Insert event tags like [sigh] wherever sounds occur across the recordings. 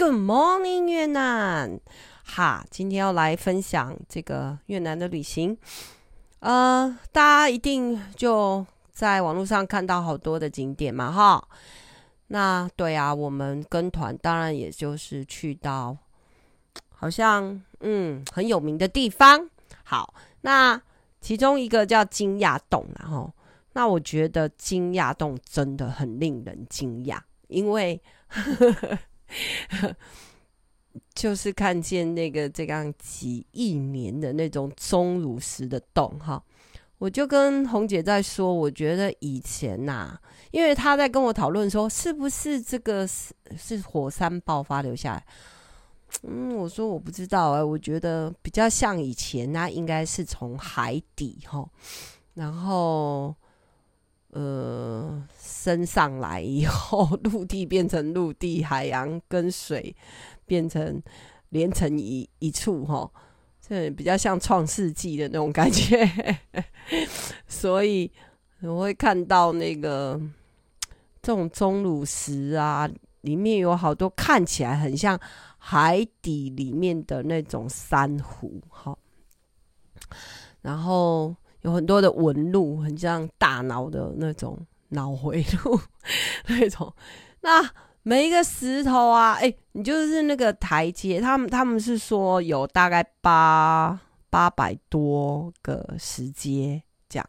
Good morning，越南！哈，今天要來分享這個越南的旅行。呃，大家一定就在網絡上看到好多的景點嘛，哈。那對啊，我們跟團當然也就是去到好像嗯很有名的地方。好，那其中一個叫驚訝洞，然後那我覺得驚訝洞真的很令人驚訝，因為。呵呵 [laughs] 就是看見那個這樣幾億年的那種鐘乳石的洞哈，我就跟紅姐在說，我覺得以前吶、啊，因為她在跟我討論說，是不是這個是是火山爆發留下來？嗯，我說我不知道哎、啊，我覺得比較像以前、啊，那應該是從海底哈，然後。呃，升上來以後，陸地變成陸地，海洋跟水變成連成一一處、哦，哈，這比較像創世紀的那種感覺。 [laughs] 所以我會看到那個這種鐘乳石啊，裡面有好多看起來很像海底裡面的那種珊瑚，好，然後。有很多的紋路，很像大腦的那種腦回路那種。那每一個石頭啊，哎、欸，你就是那個台階。他們他們是說有大概八八百多個石階這樣。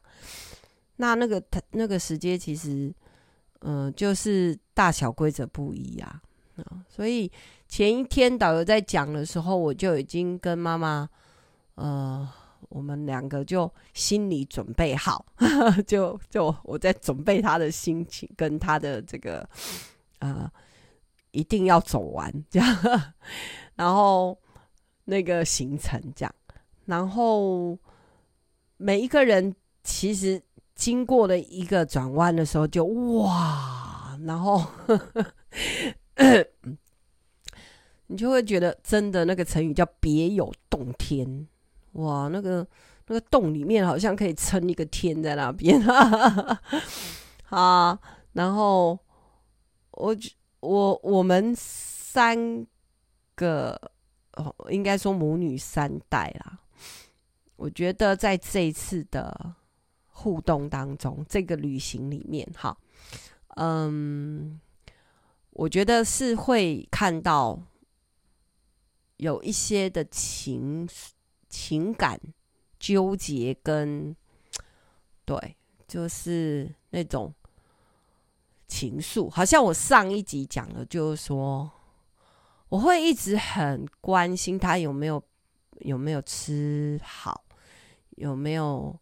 那那個那個石階其實，嗯、呃，就是大小規則不一樣啊、呃。所以前一天導遊在講的時候，我就已經跟媽媽，嗯、呃。我們兩個就心理準備好，呵呵就，就我在準備他的心情，跟他的這個呃，一定要走完這樣，呵呵然後那個行程這樣，然後每一個人其實經過了一個轉彎的時候就，就哇，然後呵呵、嗯、你就會覺得真的那個成語叫別有洞天。哇，那個那個洞裡面好像可以撐一個天在那邊哈。 [laughs] 好啊，然後我我我們三個哦，應該說母女三代啦。我覺得在這一次的互動當中，這個旅行裡面，好，嗯，我覺得是會看到有一些的情。情感糾結跟對，就是那種情愫，好像我上一集講的就是說，我會一直很關心他有沒有有沒有吃好，有沒有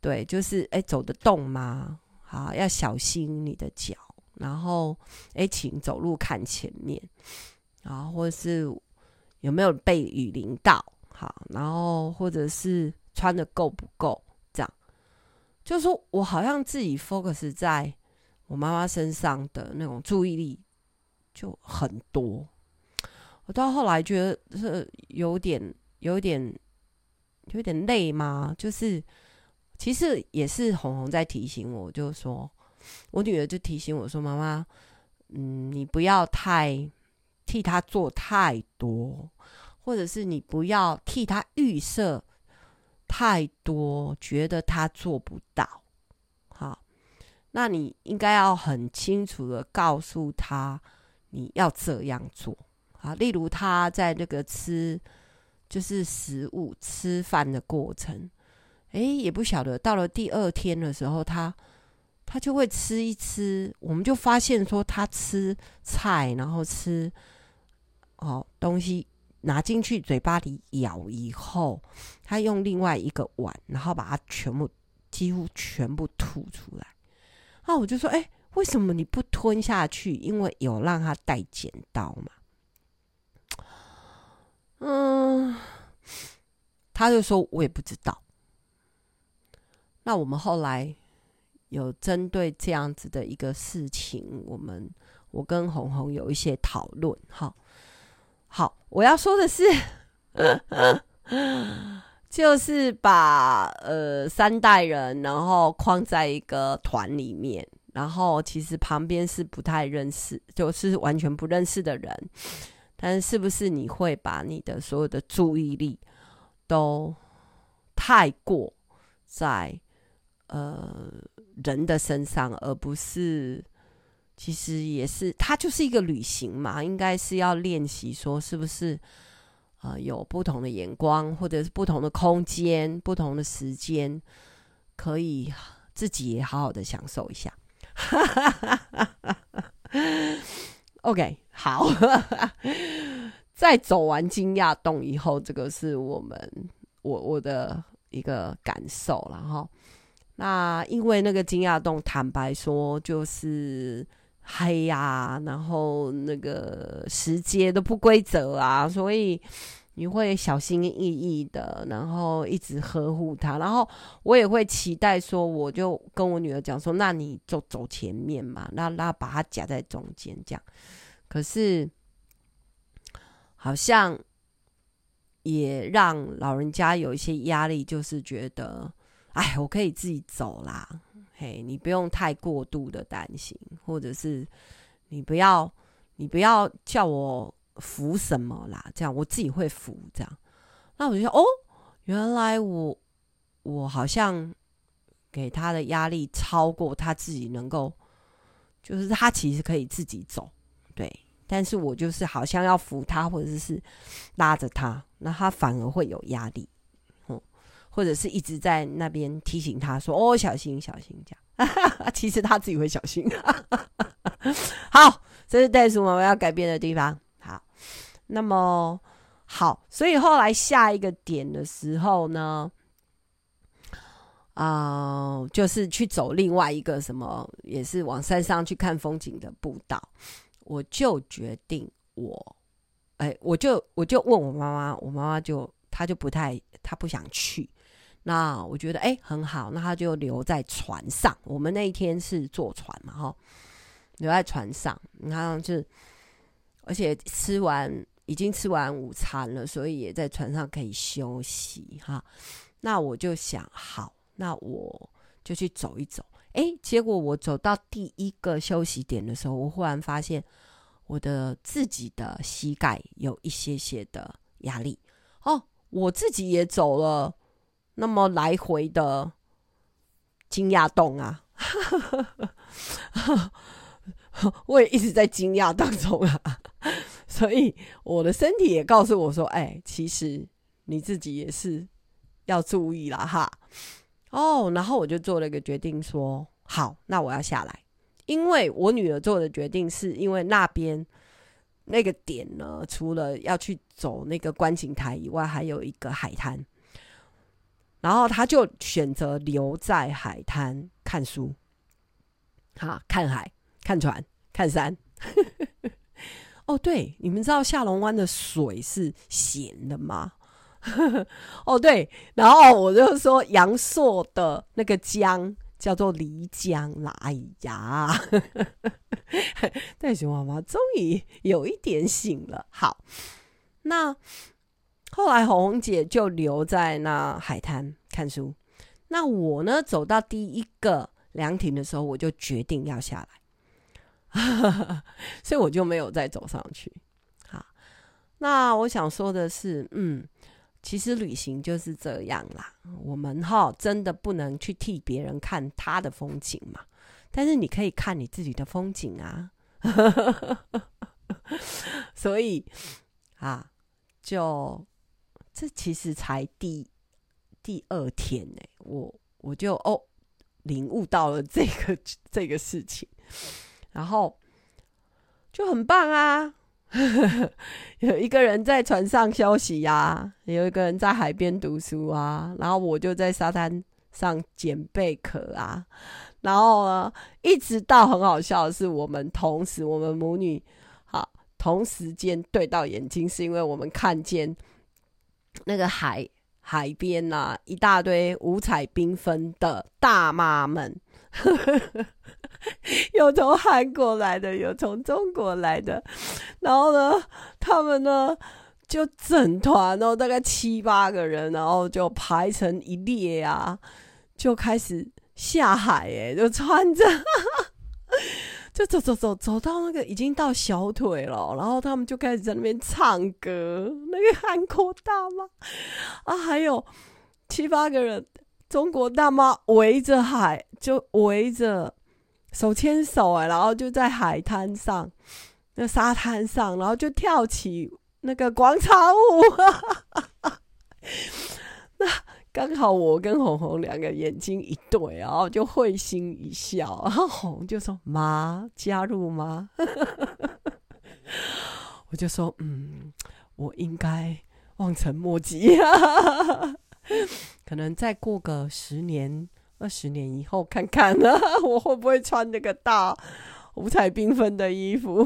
對，就是哎走得動嗎？好，要小心你的腳。然後哎，請走路看前面，然後或者是有沒有被雨淋到。好，然後或者是穿得夠不夠，這樣，就是說我好像自己 focus 在我媽媽身上的那種注意力就很多。我到後來覺得就是有點、有點、有點累嗎？就是其實也是紅紅在提醒我，就說我女兒就提醒我說：“媽媽，嗯，你不要太替她做太多。”或者是你不要替他預設太多，覺得他做不到。好，那你應該要很清楚地告訴他你要這樣做啊。好，例如他在那個吃，就是食物吃飯的過程，誒，也不曉得到了第二天的時候，他他就會吃一吃，我們就發現說他吃菜，然後吃哦東西。拿進去嘴巴裡咬以後，他用另外一個碗，然後把它全部幾乎全部吐出來。那我就說，哎、欸，為什麼你不吞下去？因為有讓他帶剪刀嘛。嗯，他就說，我也不知道。那我們後來有針對這樣子的一個事情，我們我跟紅紅有一些討論，哈。好，我要說的是， [laughs] 就是把呃三代人，然後框在一個團裡面，然後其實旁邊是不太認識，就是完全不認識的人，但是，是不是你會把你的所有的注意力都太過在呃人的身上，而不是？其實也是，它就是一個旅行嘛，應該是要練習說是不是，呃有不同的眼光，或者是不同的空間、不同的時間，可以自己也好好的享受一下。 [laughs] OK，好， [laughs] 在走完驚訝洞以後，這個是我們我我的一個感受了哈。那因為那個驚訝洞，坦白說就是。黑呀，然後那個台階都不規則啊，所以你會小心翼翼的，然後一直呵護他。然後我也會期待說，我就跟我女兒講說，那你就走前面嘛，那那把她夾在中間這樣。可是好像也讓老人家有一些壓力，就是覺得，哎，我可以自己走啦。嘿，hey, 你不用太過度的擔心，或者是你不要你不要叫我扶什麼啦，這樣我自己會扶這樣。那我就說哦，原來我我好像給他的壓力超過他自己能夠，就是他其實可以自己走，對，但是我就是好像要扶他，或者是拉着他，那他反而會有壓力。或者是一直在那邊提醒他說：“哦，小心，小心！”這樣 [laughs] 其實他自己會小心。 [laughs] 好，這是袋鼠媽媽要改變的地方。好，那麼好，所以後來下一個點的時候呢，啊、呃，就是去走另外一個什麼，也是往山上去看風景的步道。我就決定我，哎、欸，我就我就問我媽媽，我媽媽就她就不太，她不想去。那我覺得哎、欸、很好，那他就留在船上。我們那一天是坐船嘛，哈、哦，留在船上。然後就，而且吃完已經吃完午餐了，所以也在船上可以休息哈。那我就想，好，那我就去走一走。哎、欸，結果我走到第一個休息點的時候，我忽然發現我的自己的膝蓋有一些些的壓力。哦，我自己也走了。那麼來回的驚訝洞啊， [laughs] 我也一直在驚訝當中啊， [laughs] 所以我的身體也告訴我說：“哎、欸，其實你自己也是要注意了哈。”哦，然後我就做了一個決定，說：“好，那我要下來，因為我女兒做的決定是因為那邊那個點呢，除了要去走那個觀景台以外，還有一個海灘。”然後他就選擇留在海灘看書，哈，看海，看船，看山。 [laughs] 哦，對，你們知道下龍灣的水是鹹的嗎？ [laughs] 哦，對。然後我就說，陽朔的那個江叫做灕江。哪裡呀？但是媽媽終於有一點醒了。好，那後來紅紅姐就留在那海灘。看書，那我呢？走到第一個涼亭的時候，我就決定要下來， [laughs] 所以我就沒有再走上去。好，那我想說的是，嗯，其實旅行就是這樣啦。我們哈真的不能去替別人看他的風景嘛，但是你可以看你自己的風景啊。 [laughs] 所以啊，就這其實才第。第二天呢、欸，我我就哦，領悟到了這個這個事情，然後就很棒啊，呵呵！有一個人在船上休息呀、啊，有一個人在海邊讀書啊，然後我就在沙灘上撿貝殼啊，然後呢一直到很好笑的是，我們同時，我們母女好同時間對到眼睛，是因為我們看見那個海。海邊啊，一大堆五彩繽紛的大媽們， [laughs] 有從韓國來的，有從中國來的，然後呢，他們呢就整團哦，大概七八個人，然後就排成一列啊，就開始下海，誒，就穿着。 [laughs] 就走走走走到那個已經到小腿了，然後他們就開始在那邊唱歌，那個韓國大媽啊，還有七八個人中國大媽圍着海就圍着手牽手哎、欸，然後就在海灘上那沙灘上，然後就跳起那個廣場舞， [laughs] 那。剛好我跟紅紅兩個眼睛一對啊，就會心一笑。然後紅就說：“媽，加入嗎？” [laughs] 我就說：“嗯，我應該望塵莫及啊，可能再過個十年、二十年以後看看呢、啊，我會不會穿那個大五彩繽紛的衣服？”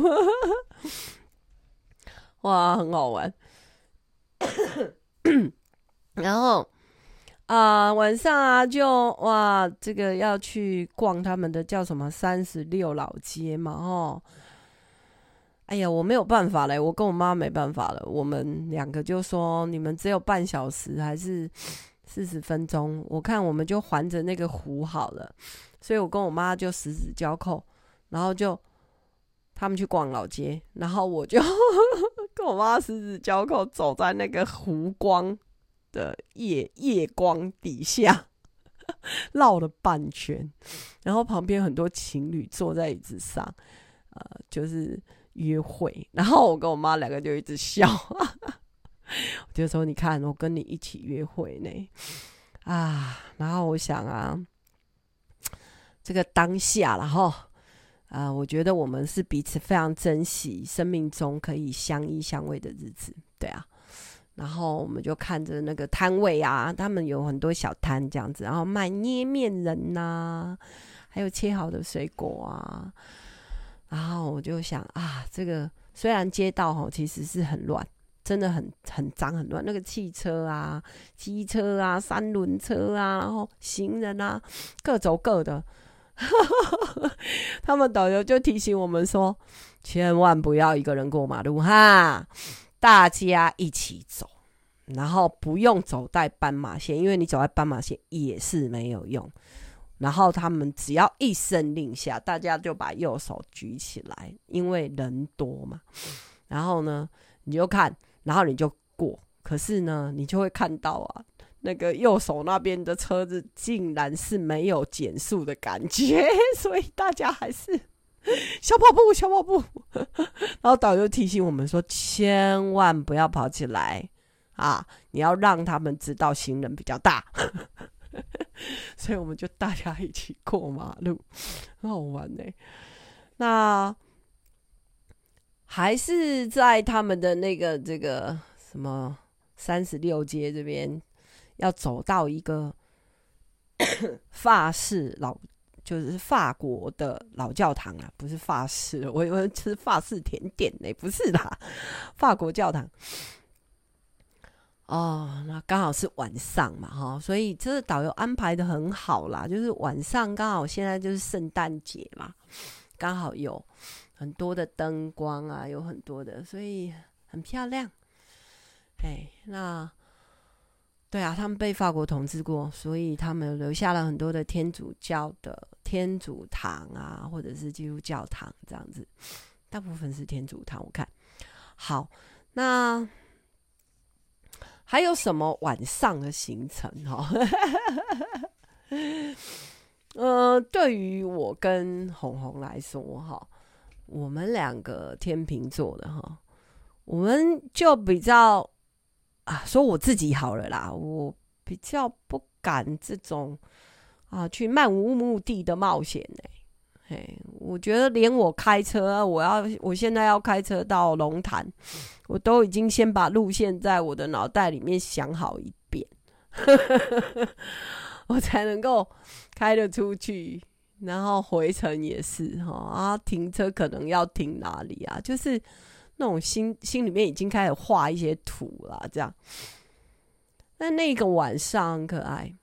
[laughs] 哇，很好玩。 [coughs] 然後。啊，晚上啊，就哇，這個要去逛他們的叫什麼三十六老街嘛，哦，哎呀，我沒有辦法嘞，我跟我媽沒辦法了，我們兩個就說，你們只有半小時還是四十分鐘，我看我們就環着那個湖好了，所以我跟我媽就十指交扣，然後就他們去逛老街，然後我就呵呵跟我媽十指交扣，走在那個湖光，的夜夜光底下繞 [laughs] 了半圈，然後旁邊很多情侶坐在椅子上，呃，就是約會。然後我跟我媽兩個就一直笑，我 [laughs] 就說：“你看，我跟你一起約會呢啊。”然後我想啊，這個當下然後啊，我覺得我們是彼此非常珍惜生命中可以相依相偎的日子，對啊。然後我們就看着那個攤位啊，他們有很多小攤這樣子，然後賣捏麵人吶、啊，還有切好的水果啊。然後我就想啊，這個雖然街道、哦、其實是很亂，真的很很髒很亂。那個汽車啊、機車啊、三輪車啊，然後行人啊，各走各的。 [laughs] 他們導遊就提醒我們說，千萬不要一個人過馬路哈。大家一起走，然後不用走在斑馬線，因為你走在斑馬線也是沒有用。然後他們只要一聲令下，大家就把右手舉起來，因為人多嘛。然後呢，你就看，然後你就過。可是呢，你就會看到啊，那個右手那邊的車子竟然是沒有減速的感覺，所以大家還是。 [laughs] 小跑步，小跑步。 [laughs] 然後導遊提醒我們說：“千萬不要跑起來啊！你要讓他們知道行人比較大。 [laughs] ”所以我們就大家一起過馬路，很 [laughs] 好玩呢耶。那還是在他們的那個這個什麼三十六街這邊，要走到一個法 [coughs] 式老。就是法國的老教堂啊，不是法式，我以為是吃法式甜點呢。欸，不是的，法國教堂。哦，那剛好是晚上嘛，哈，所以這個導遊安排得很好啦，就是晚上剛好現在就是聖誕節嘛，剛好有很多的燈光啊，有很多的，所以很漂亮。哎，欸，那。對啊，他們被法國統治過，所以他們留下了很多的天主教的天主堂啊，或者是基督教堂這樣子，大部分是天主堂。我看。好，那還有什麼晚上的行程哈、哦？ [laughs] 呃，對於我跟紅紅來說哈，我們兩個天秤座的哈，我們就比較。啊，說我自己好了啦，我比較不敢這種啊，去漫無目的的冒險呢、欸。我覺得連我開車，我要我現在要開車到龍潭，我都已經先把路線在我的腦袋裡面想好一遍， [laughs] 我才能夠開得出去。然後回程也是哈，啊，停車可能要停哪裡啊？就是。那種心心裡面已經開始畫一些圖了，這樣。那那個晚上，很可愛，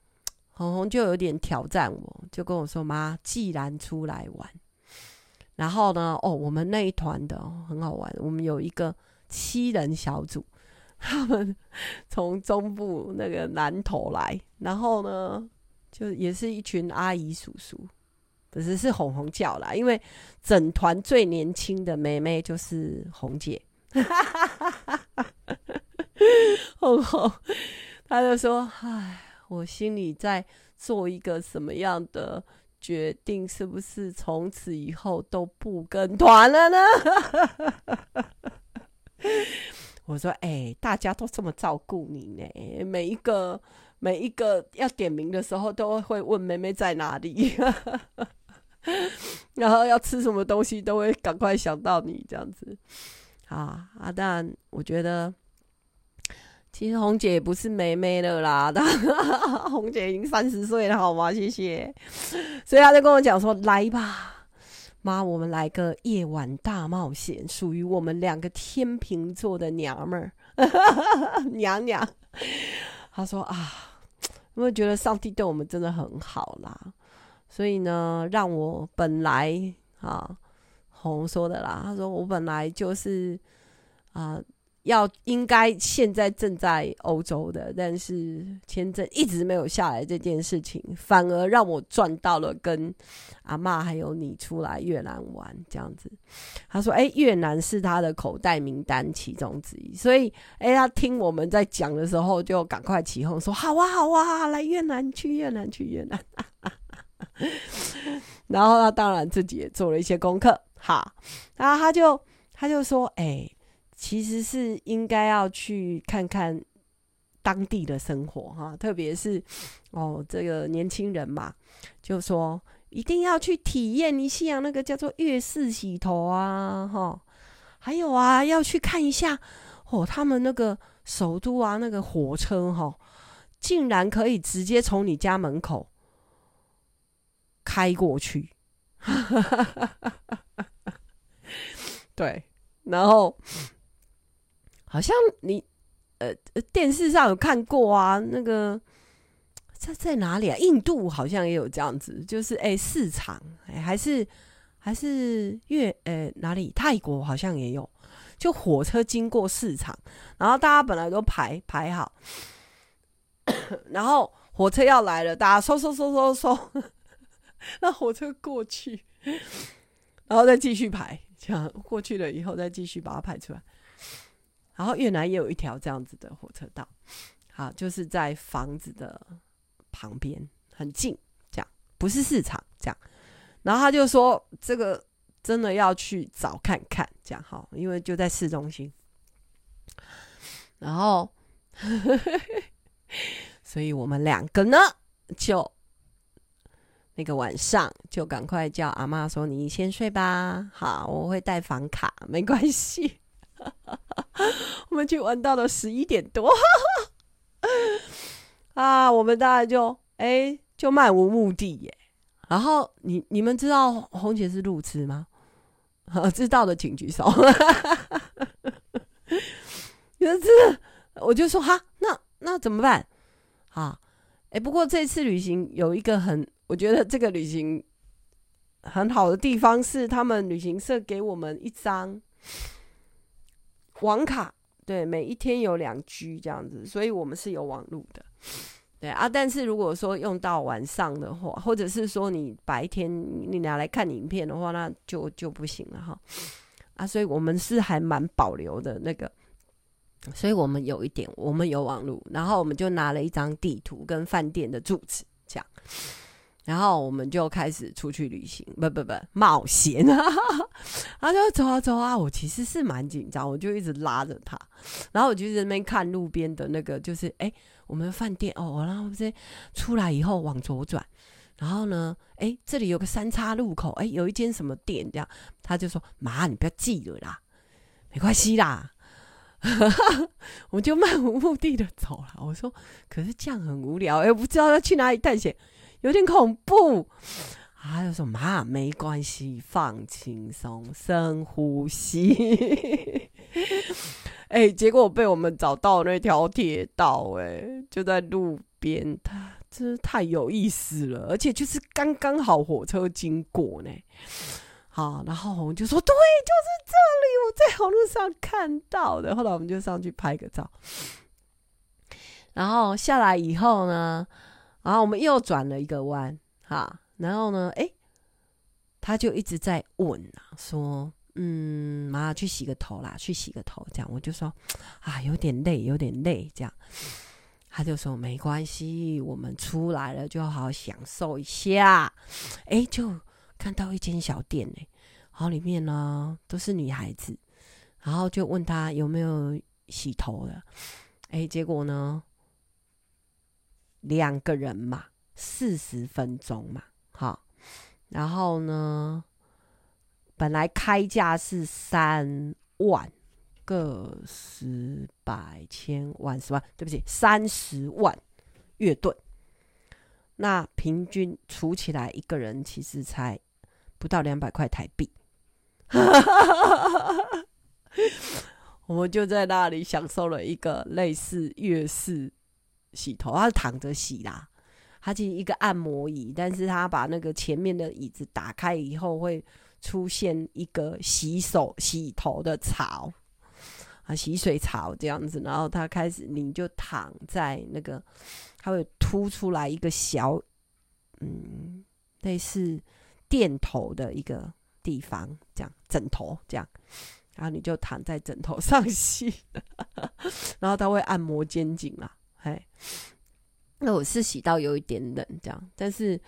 紅紅就有點挑戰我，我就跟我說：“媽，既然出來玩，然後呢，哦，我們那一團的很好玩，我們有一個七人小組，他們從中部那個南投來，然後呢，就也是一群阿姨叔叔。”只是是紅紅叫啦，因為整團最年輕的妹妹就是紅姐。 [laughs] 紅紅，她就說：“唉，我心裡在做一個什麼樣的決定？是不是從此以後都不跟團了呢？” [laughs] 我說：“哎，大家都這麼照顧你呢，每一個每一個要點名的時候，都會問妹妹在哪裡。 [laughs] ” [laughs] 然後要吃什麼東西都會趕快想到你這樣子，啊，阿但我覺得其實紅姐也不是妹妹了啦，但紅姐已經三十歲了好嗎？謝謝。所以她就跟我講說：“ [laughs] 來吧，媽，我們來個夜晚大冒險，屬於我們兩個天秤座的娘們兒， [laughs] 娘娘。”她說：“啊，我覺得上帝對我們真的很好啦。”所以呢，讓我本來啊，紅說的啦，他說我本來就是啊、呃，要應該現在正在歐洲的，但是簽證一直沒有下來這件事情，反而讓我賺到了跟阿媽還有你出來越南玩這樣子。他說：“誒、欸，越南是他的口袋名單其中之一，所以誒、欸，他聽我們在講的時候，就趕快起哄說：好啊，好啊，來越南，去越南，去越南。” [laughs] 然後他當然自己也做了一些功課，哈，然後他就他就說，哎、欸，其實是應該要去看看當地的生活，哈、啊，特別是哦，這個年輕人嘛，就說一定要去體驗一下那個叫做越式洗頭啊，哈、哦，還有啊，要去看一下哦，他們那個首都啊，那個火車哈、哦，竟然可以直接從你家門口。開過去， [laughs] 對，然後好像你呃，呃電視上有看過啊，那個在在哪裡啊？印度好像也有這樣子，就是哎、欸、市場哎、欸、還是還是越哎、欸、哪裡泰國好像也有，就火車經過市場，然後大家本來都排排好， [coughs] 然後火車要來了，大家嗖嗖嗖嗖嗖。呵呵那火車過去，然後再繼續排，這樣過去了以後再繼續把它排出來。然後越南也有一條這樣子的火車道，好，就是在房子的旁邊，很近，這樣不是市場，這樣。然後他就說：“這個真的要去找看看，這樣好，因為就在市中心。”然後， [laughs] 所以我們兩個呢，就。那個晚上就趕快叫阿媽說：“你先睡吧，好，我會帶房卡，沒關係。 [laughs] ”我們去玩到了十一點多， [laughs] 啊，我們大家就哎、欸、就漫無目的耶、欸。然後你你們知道紅姐是路痴嗎？知道的請舉手。真 [laughs] 是，我就說哈，那那怎麼辦？啊，哎、欸，不過這次旅行有一個很。我覺得這個旅行很好的地方是，他們旅行社給我們一張網卡，對，每一天有兩 G 這樣子，所以我們是有網路的，對啊。但是如果說用到晚上的話，或者是說你白天你拿來看影片的話，那就就不行了哈。啊，所以我們是還蠻保留的那個，所以我們有一點，我們有網路，然後我們就拿了一張地圖跟飯店的住址這樣。然後我們就開始出去旅行，不不不，冒險啊！他就說：“走啊走啊！”我其實是蠻緊張，我就一直拉着他。然後我就在那邊看路邊的那個，就是哎，我們的飯店哦，我然後在出來以後往左轉，然後呢，哎，這裡有個三叉路口，哎，有一間什麼店？這樣他就說：“媽，你不要記得啦，沒關係啦。呵呵”我就漫無目的的走了。我說：“可是這樣很無聊，哎，我不知道要去哪裡探險。”有點恐怖啊！就說媽，沒關係，放輕鬆，深呼吸。哎、 [laughs] 欸，結果被我們找到那條鐵道、欸，哎，就在路邊，他真是太有意思了，而且就是剛剛好火車經過呢、欸。好、啊，然後我們就說，對，就是這裡，我在網路上看到的。後來我們就上去拍個照，然後下來以後呢？啊，我們又轉了一個彎哈，然後呢，哎、欸，他就一直在問啊，說，嗯，媽去洗個頭啦，去洗個頭，這樣我就說，啊，有點累，有點累，這樣，他就說沒關係，我們出來了就好好享受一下，哎、欸，就看到一間小店嘞、欸，好，裡面呢都是女孩子，然後就問他有沒有洗頭的，哎、欸，結果呢？兩個人嘛，四十分鐘嘛，好。然後呢，本來開價是三萬個十百千萬十萬，對不起，三十萬越盾。那平均除起來，一個人其實才不到兩百塊台幣。 [laughs] 我們就在那裡享受了一個類似越式。洗頭，他躺着洗啦。他其實一個按摩椅，但是他把那個前面的椅子打開以後，會出現一個洗手洗頭的槽啊，洗水槽這樣子。然後他開始，你就躺在那個，他會凸出來一個小，嗯，類似墊頭的一個地方，這樣枕頭這樣，然後你就躺在枕頭上洗， [laughs] 然後他會按摩肩頸啊。嘿，那我是洗到有一點冷這樣，但是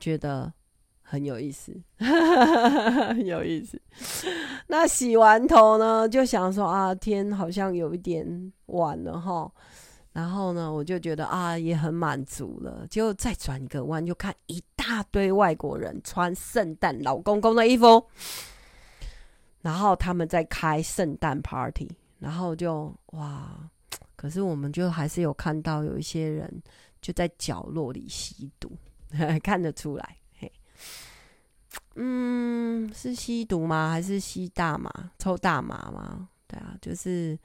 覺得很有意思， [laughs] 有意思。 [laughs] 那洗完頭呢，就想說啊，天好像有一點晚了哈。然後呢，我就覺得啊，也很滿足了。結果再轉一個彎，就看一大堆外國人穿聖誕老公公的衣服，然後他們在開聖誕 party，然後就哇。可是我們就還是有看到有一些人就在角落裡吸毒，呵呵看得出來。嗯，是吸毒嗎？還是吸大麻，抽大麻嗎？對啊，就是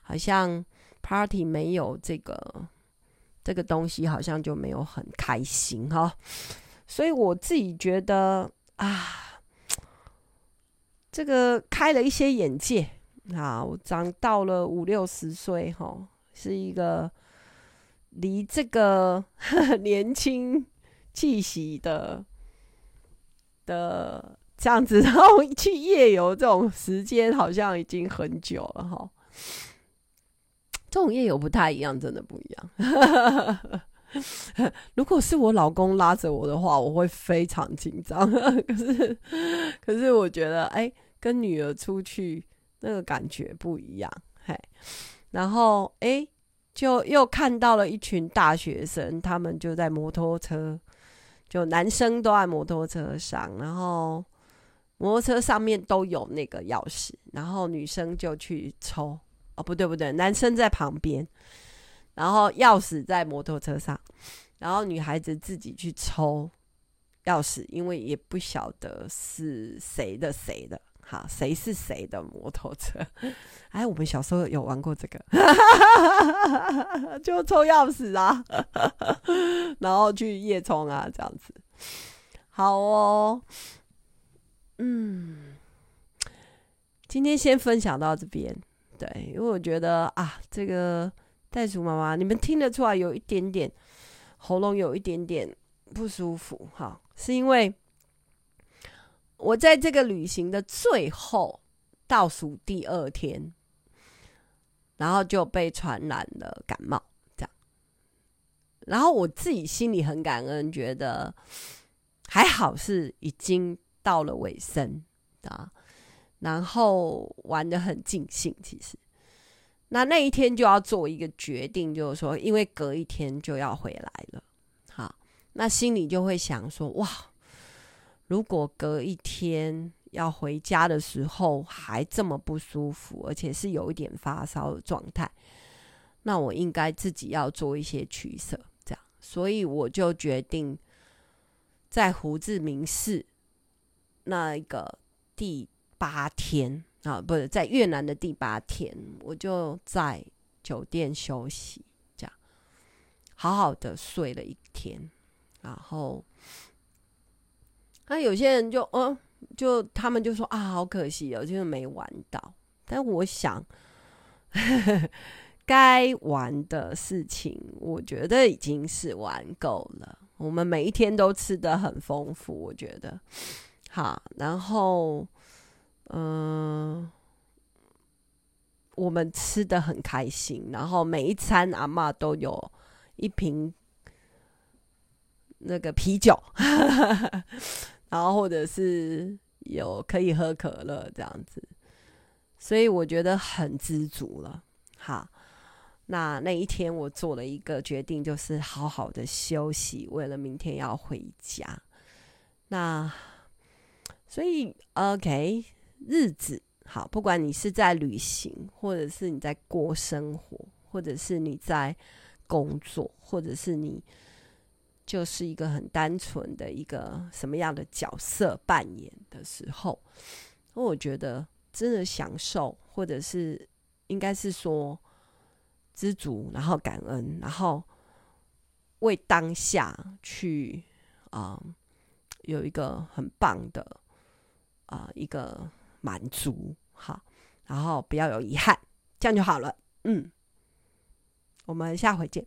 好像 Party 沒有這個這個東西，好像就沒有很開心哈。所以我自己覺得啊，這個開了一些眼界，好，啊，我長到了五六十歲哈。是一個離這個呵呵年輕氣息的的這樣子，然後去夜遊這種時間好像已經很久了哈。這種夜遊不太一樣，真的不一樣。 [laughs] 如果是我老公拉着我的話，我會非常緊張。呵呵可是，可是我覺得，哎、欸，跟女兒出去那個感覺不一樣，嘿。然後，哎，就又看到了一群大學生，他們就在摩托車，就男生都在摩托車上，然後摩托車上面都有那個鑰匙，然後女生就去抽。哦，不對不對，男生在旁邊，然後鑰匙在摩托車上，然後女孩子自己去抽鑰匙，因為也不曉得是誰的誰的。好，誰是誰的摩托車？哎，我們小時候有玩過這個，哈哈哈，就抽鑰匙啊， [laughs] 然後去夜衝啊，這樣子。好哦，嗯，今天先分享到這邊。對，因為我覺得啊，這個袋鼠媽媽，你們聽得出來有一點點喉嚨有一點點不舒服哈，是因為。我在這個旅行的最後倒數第二天，然後就被傳染了感冒，這樣。然後我自己心裡很感恩，覺得還好是已經到了尾聲啊，然後玩得很盡興。其實，那那一天就要做一個決定，就是說，因為隔一天就要回來了。好，那心裡就會想說，哇。如果隔一天要回家的時候還這麼不舒服，而且是有一點發燒的狀態，那我應該自己要做一些取舍。這樣，所以我就決定在胡志明市那一個第八天啊，不是，在越南的第八天，我就在酒店休息，這樣好好的睡了一天，然後。那、啊、有些人就哦、嗯，就他們就說啊，好可惜哦，就是沒玩到。但我想呵呵，該玩的事情，我覺得已經是玩夠了。我們每一天都吃得很豐富，我覺得好。然後，嗯、呃，我們吃得很開心。然後每一餐阿媽都有一瓶那個啤酒。呵呵然後，或者是有可以喝可樂這樣子，所以我覺得很知足了。好，那那一天我做了一個決定，就是好好的休息，為了明天要回家。那所以，OK，日子好，不管你是在旅行，或者是你在過生活，或者是你在工作，或者是你。就是一個很單純的一個什麼樣的角色扮演的時候，我覺得真的享受，或者是應該是說知足，然後感恩，然後為當下去啊、嗯、有一個很棒的啊、嗯、一個滿足哈，然後不要有遺憾，這樣就好了。嗯，我們下回見。